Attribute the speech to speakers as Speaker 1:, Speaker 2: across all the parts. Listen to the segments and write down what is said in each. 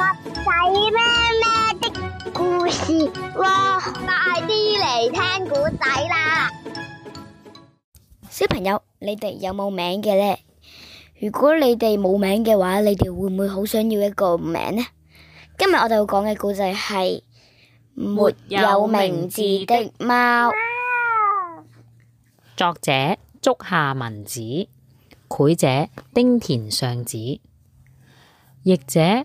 Speaker 1: 仔咩咩的故事，哇！快啲嚟聽古仔啦，小朋友，你哋有冇名嘅呢？如果你哋冇名嘅話，你哋會唔會好想要一個名呢？今日我哋要講嘅古仔係沒有名字的貓，作者竹下文子，繪者町田尚子，譯者。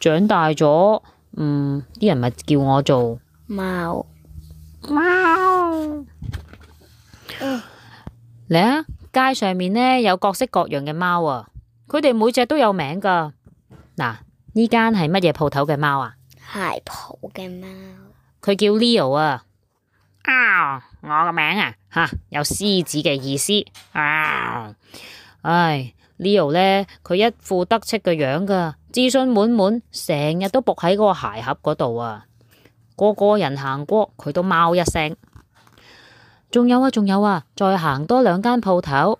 Speaker 1: 長大咗，嗯，啲人咪叫我做貓貓。嚟啊，街上面呢有各式各樣嘅貓啊，佢哋每隻都有名噶。嗱，呢間係乜嘢鋪頭嘅貓啊？鞋鋪嘅貓。佢叫 Leo 啊。啊，我個名啊吓，有獅子嘅意思。啊，哎。Leo 呢，佢一副得戚嘅樣㗎，自信滿滿，成日都仆喺嗰個鞋盒嗰度啊。個個人行過佢都喵一聲。仲有啊，仲有啊，再行多兩間鋪頭，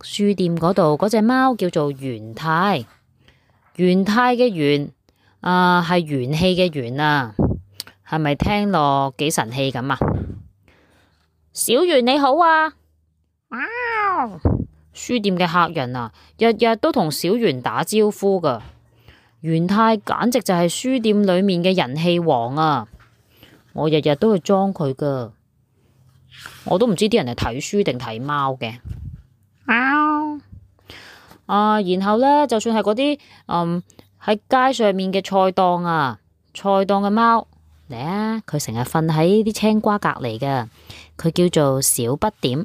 Speaker 1: 書店嗰度嗰隻貓叫做元太，元太嘅元啊係元氣嘅元啊，係咪、啊、聽落幾神氣咁啊？小元你好啊，喵。書店嘅客人啊，日日都同小圓打招呼噶，元太簡直就係書店裏面嘅人氣王啊！我日日都去裝佢噶，我都唔知啲人係睇書定睇貓嘅。貓喵啊，然後呢，就算係嗰啲嗯喺街上面嘅菜檔啊，菜檔嘅貓嚟啊，佢成日瞓喺啲青瓜隔籬嘅，佢叫做小不點。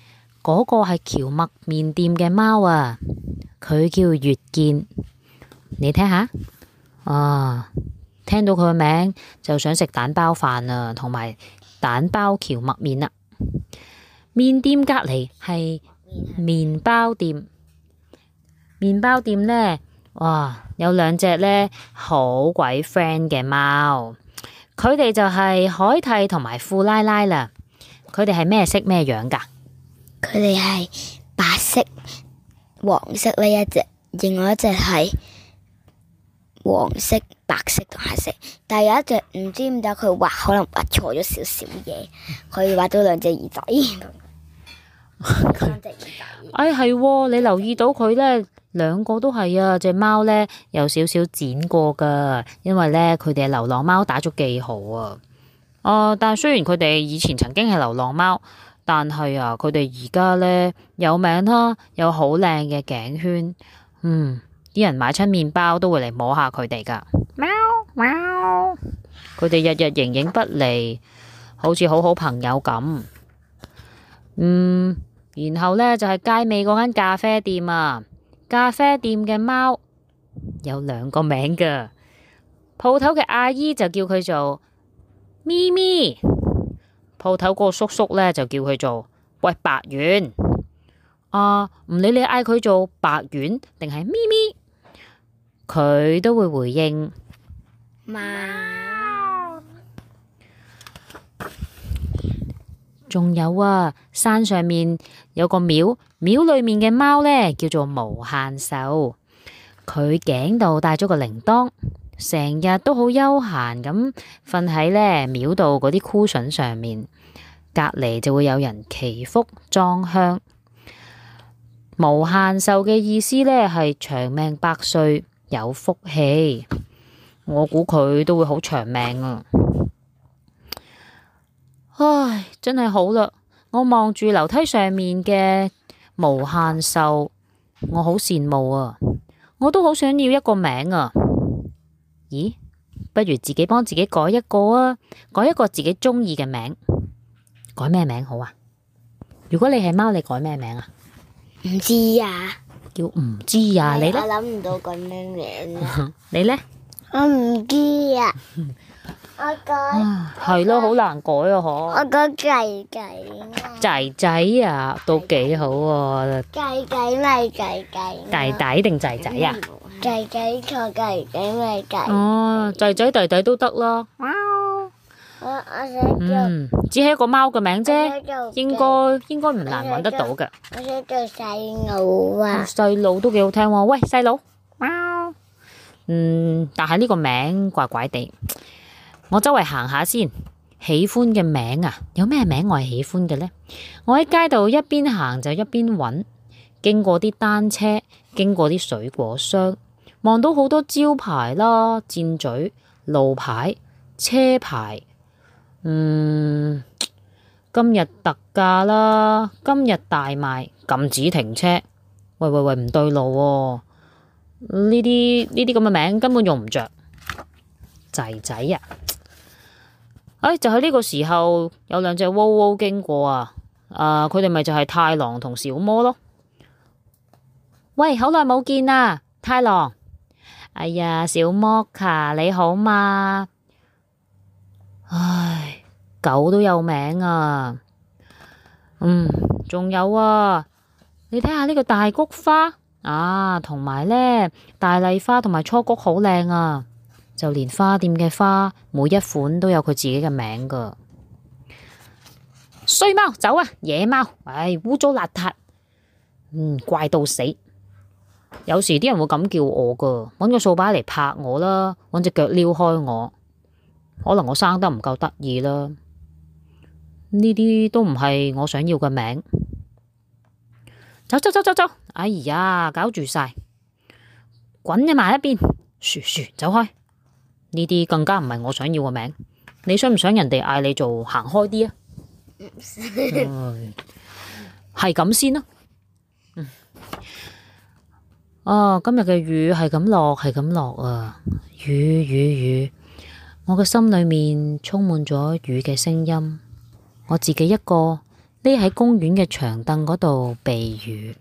Speaker 1: 嗰個係蕎麥麵店嘅貓啊，佢叫月見，你聽下，啊，聽到佢個名就想食蛋包飯啊，同埋蛋包蕎麥麵啊。麵店隔籬係麵包店，麵包店呢，哇，有兩隻呢好鬼 friend 嘅貓，佢哋就係海蒂同埋富奶奶啦，佢哋係咩色咩樣噶？佢哋係白色、黃色咧一隻，另外一隻係黃色、白色同黑色。但係有一隻唔知點解佢畫，可能畫錯咗少少嘢，佢畫咗兩隻耳仔， 三隻耳。 哎係、哦，你留意到佢呢？兩個都係啊隻貓呢，有少少剪過噶，因為呢，佢哋係流浪貓，打咗記號啊。呃、但係雖然佢哋以前曾經係流浪貓。但係啊，佢哋而家呢有名啦，啊，有好靚嘅頸圈，嗯，啲人買出麵包都會嚟摸下佢哋噶。貓貓，佢哋日日形影不離，好似好好朋友咁。嗯，然後呢，就係、是、街尾嗰間咖啡店啊，咖啡店嘅貓有兩個名噶，鋪頭嘅阿姨就叫佢做咪咪。鋪頭個叔叔咧就叫佢做喂，白丸。啊，唔理你嗌佢做白丸定係咪咪，佢都會回應。貓。仲有啊，山上面有個廟，廟裏面嘅貓咧叫做無限手，佢頸度帶咗個鈴鐺。成日都好悠閒咁瞓喺呢廟度嗰啲 cushion 上面，隔籬就會有人祈福、裝香。無限壽嘅意思呢係長命百歲，有福氣。我估佢都會好長命啊！唉，真係好啦。我望住樓梯上面嘅無限壽，我好羨慕啊！我都好想要一個名啊！咦，不如自己幫自己改一個啊，改一個自己中意嘅名，改咩名好啊？如果你係貓，你改咩名啊？唔知啊！叫唔知啊！你咧？我諗唔到改咩名。你咧？我唔知啊！我改係咯，好難改啊！嗬我個仔仔仔仔啊，都幾好啊。仔仔咪仔仔，弟弟定仔仔啊？仔仔錯，仔仔咪仔。哦，仔仔弟弟都得咯。貓，我我想做。嗯，只係一個貓嘅名啫，應該應該唔難揾得到㗎。我想做細佬啊！細佬都幾好聽喎。喂，細佬，貓。嗯，但係呢個名怪怪地。我周圍行下先，喜歡嘅名啊，有咩名我係喜歡嘅呢？我喺街度一邊行就一邊揾，經過啲單車，經過啲水果箱，望到好多招牌啦，箭嘴、路牌、車牌，嗯，今日特價啦，今日大賣，禁止停車。喂喂喂，唔對路，呢啲，呢啲咁嘅名根本用唔着，仔仔啊！唉、哎，就喺、是、呢個時候有兩隻汪汪經過啊！啊，佢哋咪就係太郎同小魔咯。喂，好耐冇見啊，太郎！哎呀，小魔卡你好嘛？唉，狗都有名啊。嗯，仲有啊，你睇下呢個大菊花啊，同埋呢，大麗花同埋初菊好靚啊！就連花店嘅花，每一款都有佢自己嘅名噶。衰貓走啊！野貓，唉、哎，污糟邋遢，嗯，怪到死。有時啲人會咁叫我噶，揾個掃把嚟拍我啦，揾隻腳撩開我。可能我生得唔夠得意啦，呢啲都唔係我想要嘅名。走走走走走，哎呀搞住晒，滾你埋一邊，噓噓走開。呢啲更加唔係我想要嘅名，你想唔想人哋嗌你做行開啲、 uh, 嗯、啊？係咁先啦。哦，今日嘅雨係咁落，係咁落啊！雨雨雨，我嘅心裏面充滿咗雨嘅聲音，我自己一個匿喺公園嘅長凳嗰度避雨。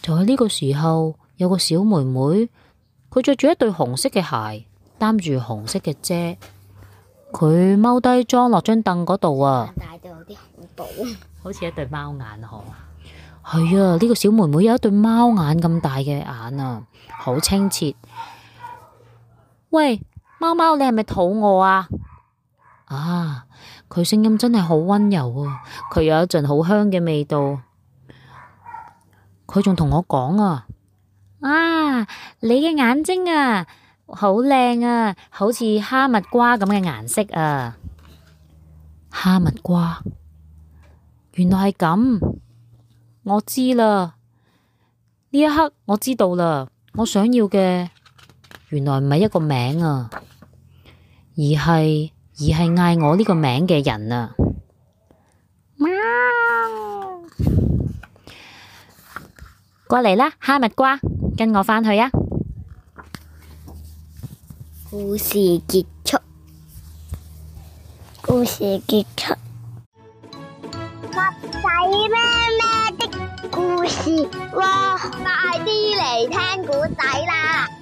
Speaker 1: 就喺呢個時候，有個小妹妹。佢着住一對紅色嘅鞋，擔住紅色嘅遮，佢踎低裝落張凳嗰度啊！好似一對貓眼嗬。係啊，呢個小妹妹有一對貓眼咁大嘅眼啊，好清澈。喂，貓貓，你係咪肚餓啊？啊，佢聲音真係好溫柔啊！佢有一陣好香嘅味道，佢仲同我講啊！啊！你嘅眼睛啊，好靚啊，好似哈密瓜咁嘅顏色啊，哈密瓜。原來係咁，我知啦。呢一刻我知道啦，我想要嘅原來唔係一個名啊，而係而係嗌我呢個名嘅人啊。喵。過嚟啦，哈密瓜，跟我返去啊！故事結束，故事結束，襪仔咩咩的故事喎？快啲嚟聽古仔啦！